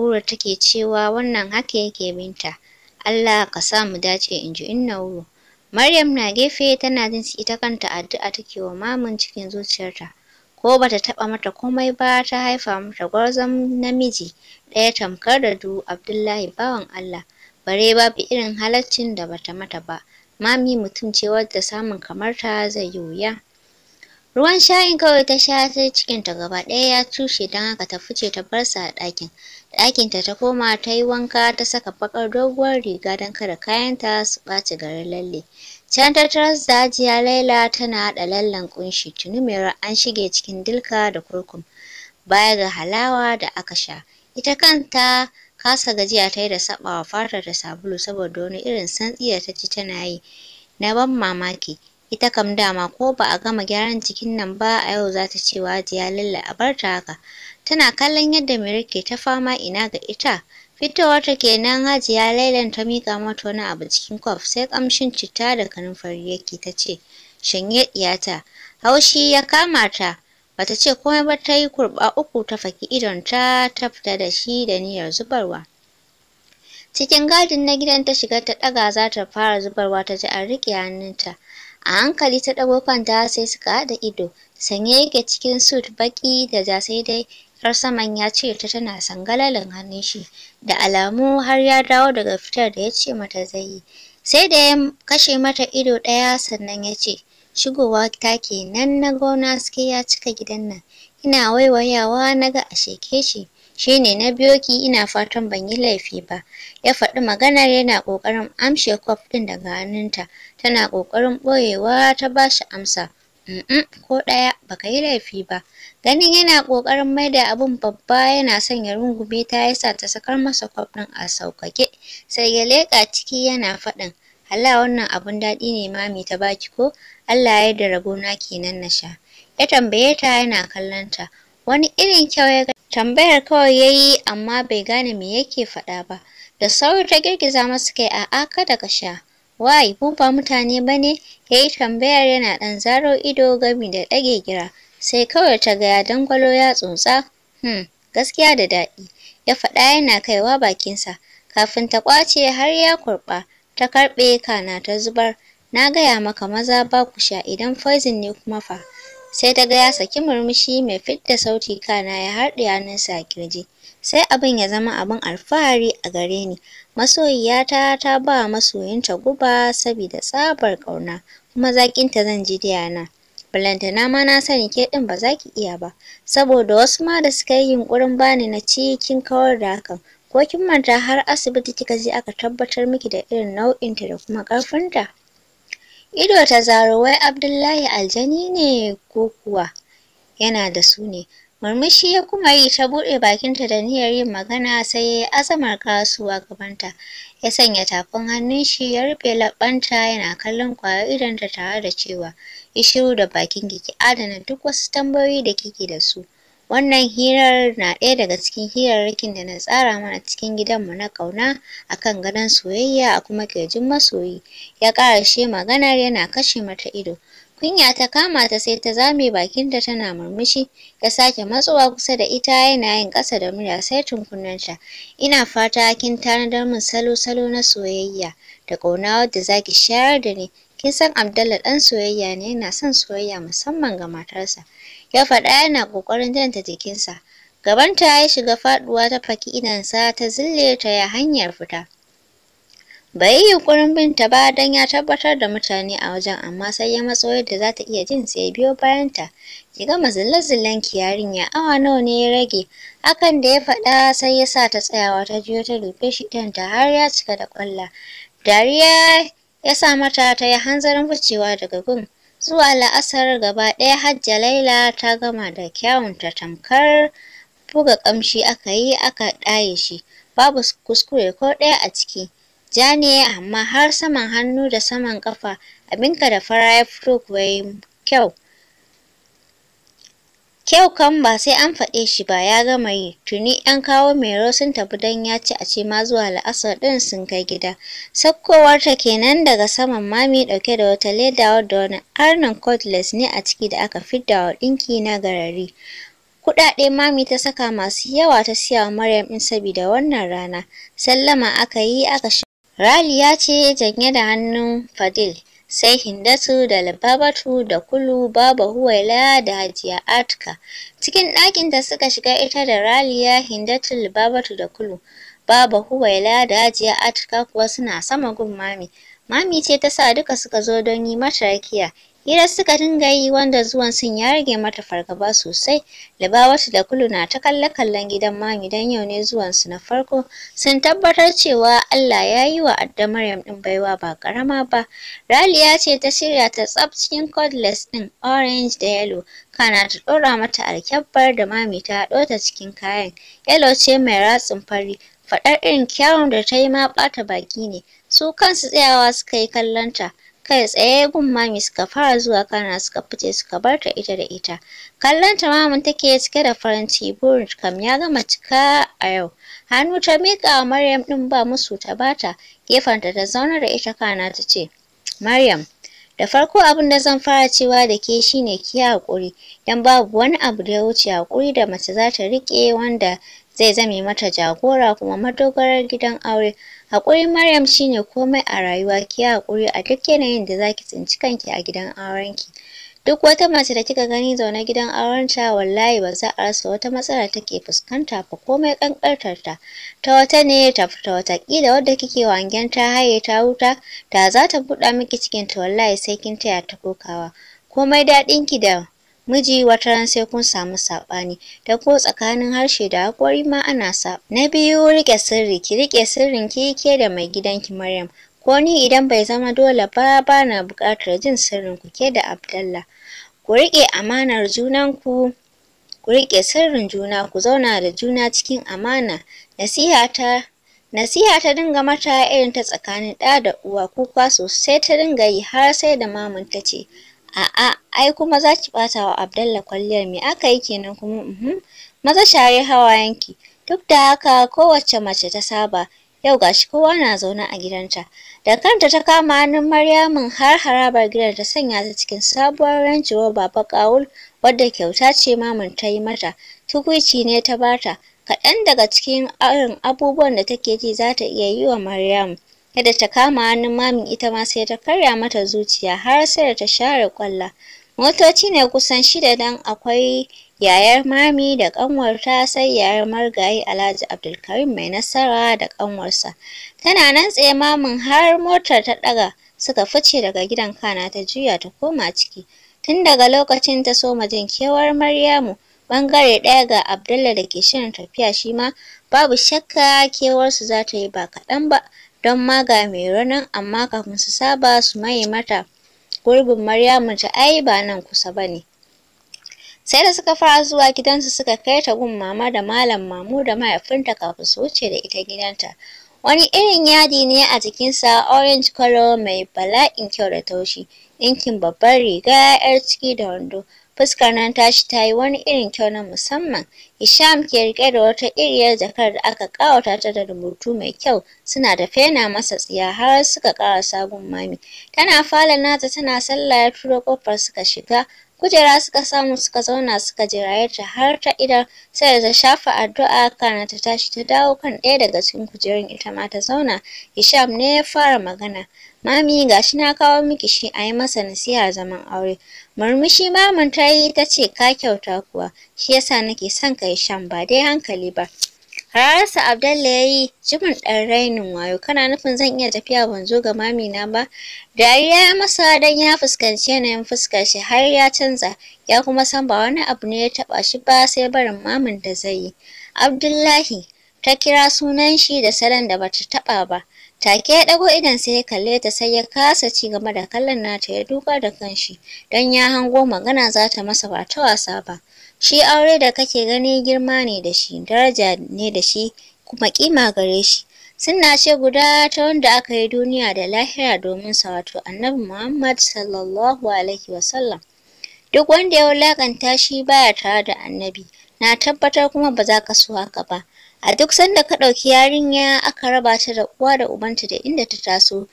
wuro take cewa wannan haka yake Binta, Allah ka sa mu dace inji wuro. Maryam na gefe tana jin ita kanta addu'a take wa mamun cikin zuciyarta. Ko bata taɓa mata komai ba ta haifa mata gwarzon namiji ɗaya tamkar da du Abdullahi bawan Allah. Bare babu irin halaccin da bata mata ba. Mami mutum ce wadda samun kamar ta zai yi wuya. Ruwan shayin kawai ta sha sai cikinta gaba ɗaya ya cushe don haka ta fice ta bar sa a ɗakin. Ɗakinta ta koma ta yi wanka ta saka baƙar doguwar riga don kada kayanta su ɓaci garin lalle. Can ta taras da Laila tana haɗa lallen ƙunshi tuni mai an shige cikin dilka da kurkum. Baya ga halawa da aka sha. Ita kanta kasa gajiya ta yi da saɓawa fatar da sabulu saboda wani irin santsi da ta ci tana yi na ban mamaki. Ita kam dama ko ba a gama gyaran jikin nan ba a yau za ta ce wa Hajiya a bar ta haka. Tana kallon yadda Mary ke ta fama ina ga ita. Fitowar ta kenan Hajiya Lailan ta miƙa mata wani abu cikin kwaf sai ƙamshin citta da kanunfari yake ta ce, Shanye diyata haushi ya kama ta. Bata ce komai ba ta yi kurɓa uku ta faki idon ta fita da shi da niyyar zubarwa. Cikin gadin na gidan ta shiga ta ɗaga za ta fara zubarwa ta ji an riƙe hannunta. a hankali ta ɗago kanta sai suka haɗa ido sanye yake cikin sut baki da ja sai dai har saman ya ce ta tana sangalalin hannun shi da alamu har ya dawo daga fitar da ya ce mata zai yi sai da ya kashe mata ido ɗaya sannan ya ce shigowa ta kenan na gona suke ya cika gidan nan ina waiwayawa na ga ashe ke shi shine na biyo ki ina fatan ban yi laifi ba ya faɗi maganar yana ƙoƙarin amshe kwaf ɗin daga hannunta tana ƙoƙarin ɓoyewa ta ba shi amsa mm ko ɗaya baka yi laifi ba ganin yana ƙoƙarin da abun babba yana son ya rungume ta sa ta sakar masa kwaf ɗin a sauƙaƙe sai ya leƙa ciki yana faɗin hala wannan abun daɗi ne mami ta baki ko Allah ya yarda rabona kenan na sha ya tambaye ta yana kallon ta wani irin kyau ya tambayar kawai ya yi amma bai gane me yake faɗa ba da sauri ta girgiza masu kai a'a kada ka sha wai mu ba mutane ba ne ya yi tambayar yana ɗan zaro ido gami da ɗage gira sai kawai ta gaya dangwalo ya tsotsa hmm gaskiya da daɗi ya faɗa yana kaiwa bakinsa kafin ta ƙwace har ya kurɓa ta karɓe kana ta zubar na gaya maka maza ba ku sha idan poison ne kuma fa sai ta ga ya saki murmushi mai fidda sauti kana ya harɗe hannunsa a kirji sai abin ya zama abin alfahari a gare ni masoyiyata ta ba masoyinta guba saboda tsabar ƙauna kuma zaƙinta zan ji diyana balantana ma na sani ke ɗin ba za ki iya ba saboda wasu ma da suka yi yunƙurin bani na cikin kawar da hakan ko kin manta har asibiti kika je aka tabbatar miki da irin nau'inta da kuma ƙarfinta ido ta zaro wai abdullahi aljani ne ko kuwa yana da su ne murmushi ya kuma yi ta buɗe bakinta da niyyar yin magana sai ya yi azamar kasuwa gabanta ya sanya tafin hannun shi ya rufe laɓɓanta yana kallon kwaya idonta tare da cewa ya shiru da bakin ki adana duk wasu tambayoyi da kike da su Wannan hirar na ɗaya daga cikin hirarrakin da na tsara mana cikin gidanmu na ƙauna a kan gadon soyayya a kuma ƙirjin masoyi. Ya ƙarashe maganar yana kashe mata ido. Kunya ta kama ta sai ta zame bakinta tana murmushi, ya sake matsowa kusa da ita yana yin ƙasa da murya sai tunkunnenta. Ina fata kin tanadar min salo-salo na soyayya da ƙauna wadda za ki shayar da ni. Kin san Abdallah ɗan soyayya ne yana son soyayya musamman ga matarsa. ya faɗa yana ƙoƙarin janta jikinsa. Gabanta ya shiga faɗuwa ta faki idansa ta zille ta ya hanyar fita. Bai yi yunƙurin bin ba don ya tabbatar da mutane a wajen amma sai ya matso yadda za ta iya jin sai biyo bayanta. Ki gama zille-zillen ki yarinya awa nawa ne ya rage. Hakan da ya faɗa sai ya sa ta tsayawa ta jiyo ta rufe shi idanta har ya cika da ƙwalla. Dariya ya sa mata ta yi hanzarin wucewa daga gun. Zuwa la'asar gaba ɗaya Hajja Laila ta gama da kyawunta tamkar buga ƙamshi aka yi aka ɗaye shi, babu kuskure ko ɗaya a ciki. Ja amma har saman hannu da saman ƙafa abinka da fara ya fito kuwa kyau. Kyau kan ba sai an faɗe shi ba ya gama yi, tuni ‘yan kawo Mero sun tafi don ya ci a ce ma zuwa la'asar ɗin sun kai gida. Sakkowarta kenan daga saman mami ɗauke da wata leda wadda wani arnon cordless ne a ciki da aka fidda wa ɗinki na garari. Kuɗaɗe mami ta saka masu yawa ta siya wa Maryam ɗin sabida wannan rana. Sallama aka yi aka sha. Raliya ce janye da hannun Fadil. sai Hindatu da Lubabatu da Kulu, babu Huwaila da Hajiya Atika. Cikin ɗakin da suka shiga ita da Raliya, Hindatu, Lubabatu da Kulu, babu Huwaila da Hajiya Atka kuwa suna sama gun Mami. Mami ce ta sa duka suka zo don yi mata rakiya. Hira suka dinga yi wanda zuwan sun ya rage mata fargaba sosai. Libawatu da Kulu na ta kalle kallon gidan mami dan yau ne zuwan su na farko. Sun tabbatar cewa Allah ya yi wa Adda Maryam ɗin baiwa ba karama ba. Raliya ce ta shirya ta tsaf cikin cordless ɗin orange da yellow. Kana ta ɗora mata alkyabbar da mami ta haɗo ta cikin kayan. Yellow ce mai ratsin fari. Faɗar irin kyawun da ta yi ma bata baki ne. Su kansu tsayawa suka yi kallon ta. kai tsaye gun mami suka fara zuwa kana suka fice suka bar ta ita da ita kallon ta mamin take cike da farin ciki burin kam ya gama cika a yau hannu ta miƙa wa maryam ɗin ba musu ta bata gefen ta ta zauna da ita kana ta ce maryam da farko abin da zan fara cewa da ke shine ki haƙuri don babu wani abu da ya wuce haƙuri da mace za ta riƙe wanda zai zame mata jagora kuma madogarar gidan aure Haƙurin Maryam shine komai a rayuwa, ki haƙuri a duk yanayin da zaki tsinci kanki a gidan aurenki. Duk wata mace da kika gani zaune gidan aurenta wallahi ba za a rasa wata matsala take fuskanta ba komai kankartar ta. Ta wata ne ta fita wata wadda kike wangen ta haye ta huta da za ta buɗa miki cikin ta wallahi sai kin taya ta kokawa. Komai daɗin ki da miji wata ran sai kun samu saɓani da ko tsakanin harshe da hakori ma ana sa na biyu riƙe sirri ki rike sirrin ki ke da mai gidanki maryam ko ni idan bai zama dole ba ba na buƙatar jin sirrin ku ke da abdallah ku riƙe amanar junan ku Ku riƙe sirrin juna ku zauna da juna cikin amana nasiha ta Nasiha ta dinga mata irin ta tsakanin ɗa da uwa kuka sosai ta dinga yi har sai da maman ta ce, A'a, ai kuma za ki ɓata wa Abdalla kwalliyar me aka yi kenan kuma uhum. Maza share hawayenki. Duk da haka kowace mace ta saba, yau gashi kowa na zaune a gidanta. Da kanta ta kama hannun Maryamun har harabar gidan ta sanya ta cikin sabuwar Range baba kawul wadda kyauta ce maman ta yi mata. Tukuici ne ta bata. Kaɗan daga cikin abubuwan da take ji za ta iya yi wa Maryamu. yadda ta kama hannun mamin ita ma sai ta karya mata zuciya har sai da ta share kwalla motoci ne kusan shida dan akwai yayar mami da ƙanwarta sai yayar margayi alhaji abdulkarim mai nasara da ƙanwarsa tana nan tsaye mamin har motar ta ɗaga suka fice daga gidan kana ta juya ta koma ciki tun daga lokacin ta soma jin kewar maryamu ɓangare ɗaya ga abdullah da ke shirin tafiya shi ma babu shakka kewarsu za ta yi ba kaɗan ba don maga mai ranan amma kafin su saba su maye mata gurbin Maryamu ta ai ba nan kusa ba ne. Sai da suka fara zuwa gidansu suka kai ta gun mama da malam mamu da mahaifinta kafin su wuce da ita gidanta. Wani irin yadi ne a jikinsa orange color mai bala'in kyau da taushi, ɗinkin babbar riga 'yar ciki da wando. Fuskar nan tashi ta yi wani irin kyau na musamman. Hisham ke riƙe da wata iriyar jakar da aka ƙawata ta da rubutu mai kyau, suna da fena masa tsiya har suka kara sabon mami. Tana falon nata tana sallah ya turo ƙofar suka shiga. Kujera suka samu suka zauna suka jiraye ta har ta idan sai da ta shafa addu'a kana ta tashi ta dawo kan ɗaya daga cikin kujerun ita ma ta zauna. Hisham ne ya fara magana. Mami ga shi na kawo miki shi a yi masa nasiha zaman aure. Murmushi maman ta yi ta ce ka kyauta kuwa, shi yasa nake son ka yi shan ba dai hankali ba. Hararsa Abdalla ya yi jimin ɗan rainin wayo, kana nufin zan iya tafiya ban zo ga na ba? Dariya ya masa don ya fuskanci yanayin fuskar shi har ya canza, ya kuma san ba wani abu ne ya taɓa shi ba sai barin mamin da zai yi. Abdullahi ta kira sunan shi da salon da bata taɓa ba. Take ya ɗago idan sai ya kalle ta sai ya kasa ci gaba da kallon nata ya duka da kanshi don ya hango magana za ta masa ba ta wasa ba. Shi aure da kake gani girma ne da shi, daraja ne da shi, kuma kima gare shi. Sunna ce guda ta wanda aka yi duniya da lahira domin sa wato Annabi Muhammad sallallahu alaihi wasallam. Duk wanda ya wulakanta shi baya tare da Annabi, na tabbatar kuma ba za ka so haka ba. a duk sanda ka ɗauki yarinya aka raba ta da uwa da ubanta da inda ta taso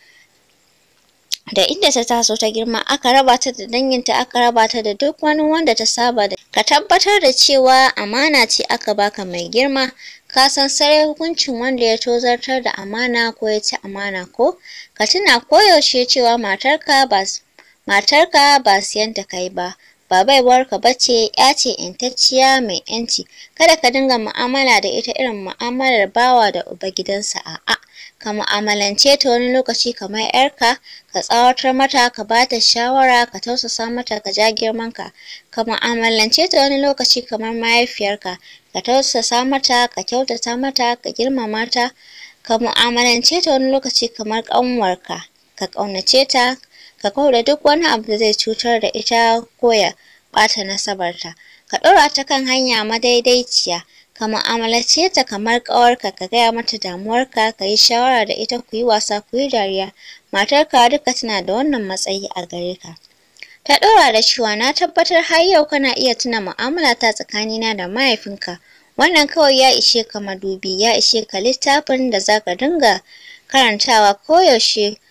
da inda ta taso ta girma aka raba ta da danginta aka raba ta da duk wani wanda ta saba da ka tabbatar da cewa amana ce aka baka mai girma ka san sarai hukuncin wanda ya tozartar da amana ko ya ci amana ko ka tuna koyaushe cewa matarka ba matarka ba kai ba ba baiwarka bace ya ce intacciya mai yanci kada ka dinga mu'amala da ita irin mu'amalar bawa da uba gidansa a'a ka mu'amalance ta wani lokaci kamar yarka ka tsawatar mata ka bata shawara ka tausasa mata ka ja girmanka ka mu'amalance ta wani lokaci kamar mahaifiyarka ka tausasa mata ka kyautata mata ka girmama ta ka mu'amalance ta wani lokaci kamar ƙanwarka ka ƙaunace ta ka kaure duk wani abu da zai cutar da ita ko ya ɓata nasabarta ka ɗora ta kan hanya madaidaiciya ka mu'amalace ta kamar ƙawarka ka gaya mata damuwarka ka yi shawara da ita ku yi wasa ku yi dariya matarka duka tana da wannan matsayi a gare ka ta ɗora da cewa na tabbatar har yau kana iya tuna mu'amala ta tsakanina da mahaifinka wannan kawai ya ishe ka madubi ya ishe ka littafin da za ka dinga karantawa koyaushe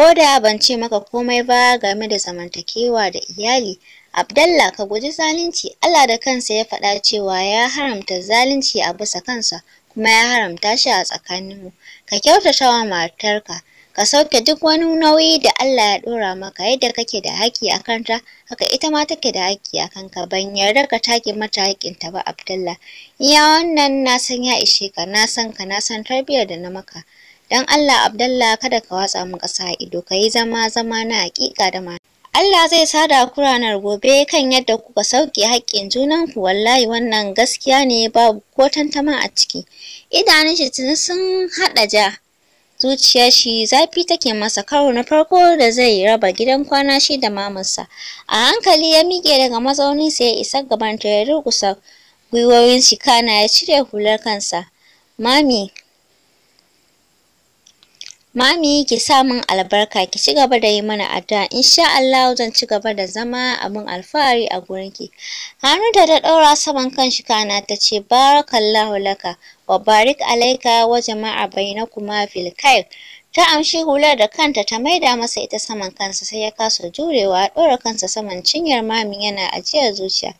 Ko da ban ce maka komai ba game da zamantakewa da iyali, Abdallah ka guji zalunci. Allah da kansa ya faɗa cewa ya haramta zalunci a bisa kansa kuma ya haramta shi a tsakaninmu. Ka kyautata wa matarka, ka sauke duk wani nauyi da Allah ya ɗora maka yadda kake da haƙƙi a kanta, haka ita ma take da haƙƙi a kanka. Ban yarda ka take mata haƙƙinta ba Abdallah. Iya wannan na san ya ishe ka, na san ka, na san tarbiyyar da na maka. Dan Allah Abdallah kada ka watsa mun ƙasa ido, ka yi zama zama na haƙiƙa da ma. Allah zai sada ku ranar gobe kan yadda kuka sauke haƙƙin ku wallahi wannan gaskiya ne babu ko tantama a ciki. Idanun shi sun haɗa ja. Zuciyar shi zafi take masa karo na farko da zai raba gidan kwana shi da mamansa. A hankali ya miƙe daga mazaunin sa ya isa gaban ta ya durƙusa gwiwoyin shi kana ya cire hular kansa. Mami, Mami ki sa min albarka ki ci gaba da yi mana addu'a insha Allah zan ci gaba da zama abin alfahari a gurinki. Hannunta ta ɗaura saman kan shi kana ta ce barakallahu laka wa barik alaika wa jama'a bainakuma fil khair. ta amshi hular da kanta ta maida masa ita saman kansa sai ya kasa jurewa a ɗora kansa saman cinyar mamin yana ajiyar zuciya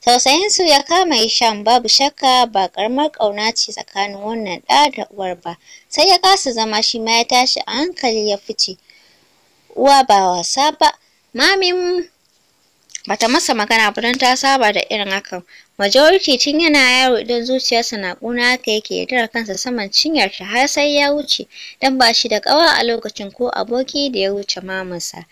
tausayinsu ya kama shan babu shakka ba ƙaramar ƙauna ce tsakanin wannan ɗa da uwar ba sai ya kasa zama shi ma ya tashi a hankali ya fice uwa ba wasa ba mamin bata masa magana ba don ta saba da irin hakan majority tun yana yaro idan zuciyarsa na ƙuna haka yake yadda kansa saman cinyar ta har sai ya wuce don ba shi da kawa a lokacin ko aboki da ya wuce mamansa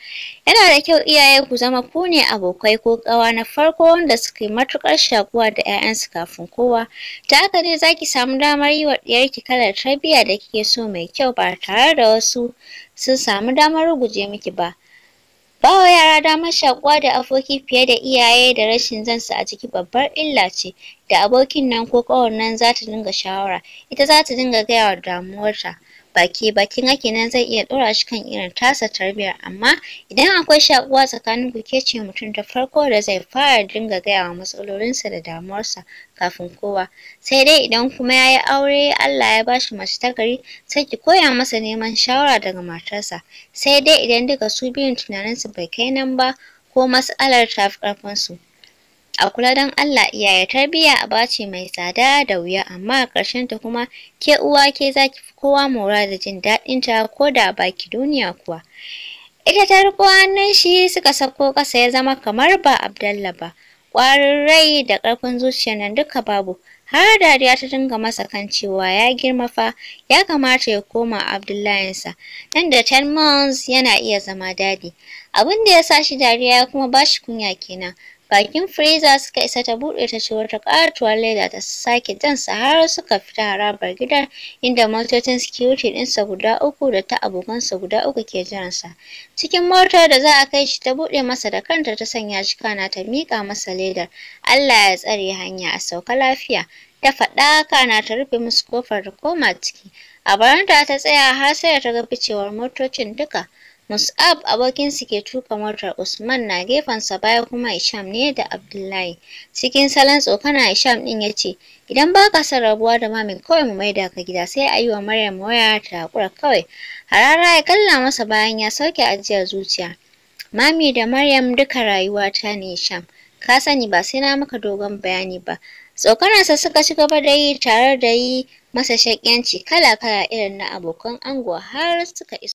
yana da kyau iyaye ku zama ku ne abokai ko ƙawa na farko wanda suka yi matukar shakuwa da 'ya'yansu kafin kowa ta haka ne zaki samu damar yi wa ɗiyarki kalar tarbiyya da kike so mai kyau ba tare da wasu sun samu damar guje miki ba Ba wa yara damar shakuwa da aboki fiye da iyaye da rashin zansa a jiki babbar illa ce da abokin nan ko ƙawar nan za ta dinga shawara, ita za ta dinga gaya wa damuwarta. baki bakin ake nan zai iya dora shi kan irin tasa tarbiyyar, amma idan akwai shakuwa tsakanin ku ce mutum ta farko da zai fara dinga gaya wa matsalolinsa da damuwarsa kafin kowa sai dai idan kuma yayi aure Allah ya bashi mace ta gari sai ki koya masa neman shawara daga matarsa sai dai idan duka su biyun su bai kai nan ba ko matsalar ta fi su a kula don Allah iyaye tarbiyya aba ce mai tsada da wuya amma a ƙarshen ta kuma ke uwa ke zaki fi kowa mora da jin daɗin ta ko da baki duniya kuwa ita ta riko hannun shi suka sako ƙasa ya zama kamar ba Abdalla ba ƙwarin rai da ƙarfin zuciyar nan duka babu har dariya ta dinga masa kan cewa ya girma fa ya kamata ya koma Abdullahinsa nan da ten months yana iya zama dadi abin da ya sa shi dariya ya kuma bashi shi kunya kenan bakin firiza suka isa ta buɗe ta ta wata ƙatuwar leda ta sake jansa har suka fita harabar gidan inda motocin security ɗinsa guda uku da ta abokansa guda uku ke jiransa. Cikin motar da za a kai shi ta buɗe masa da kanta ta sanya shi kana ta miƙa masa ledar. Allah ya tsare hanya a sauka lafiya. Ta faɗa kana ta rufe musu kofar da koma ciki. A baranta ta tsaya har sai ta ga ficewar motocin duka. Mus'ab abokinsu ke tuka motar Usman na gefen sa baya kuma Hisham ne da Abdullahi. Cikin salon tsokana Hisham ɗin ya ce, Idan ba ka son rabuwa da mamin kawai mu maida ka gida sai a yi wa Maryam waya ta haƙura kawai. Harara ya kalla masa bayan ya sauke ajiyar zuciya. Mami da Maryam duka rayuwata ne Hisham. Ka sani ba sai na maka dogon bayani ba. Tsokanarsa suka ci gaba da yi tare da yi masa shaƙyanci kala-kala irin na abokan ango har suka isa.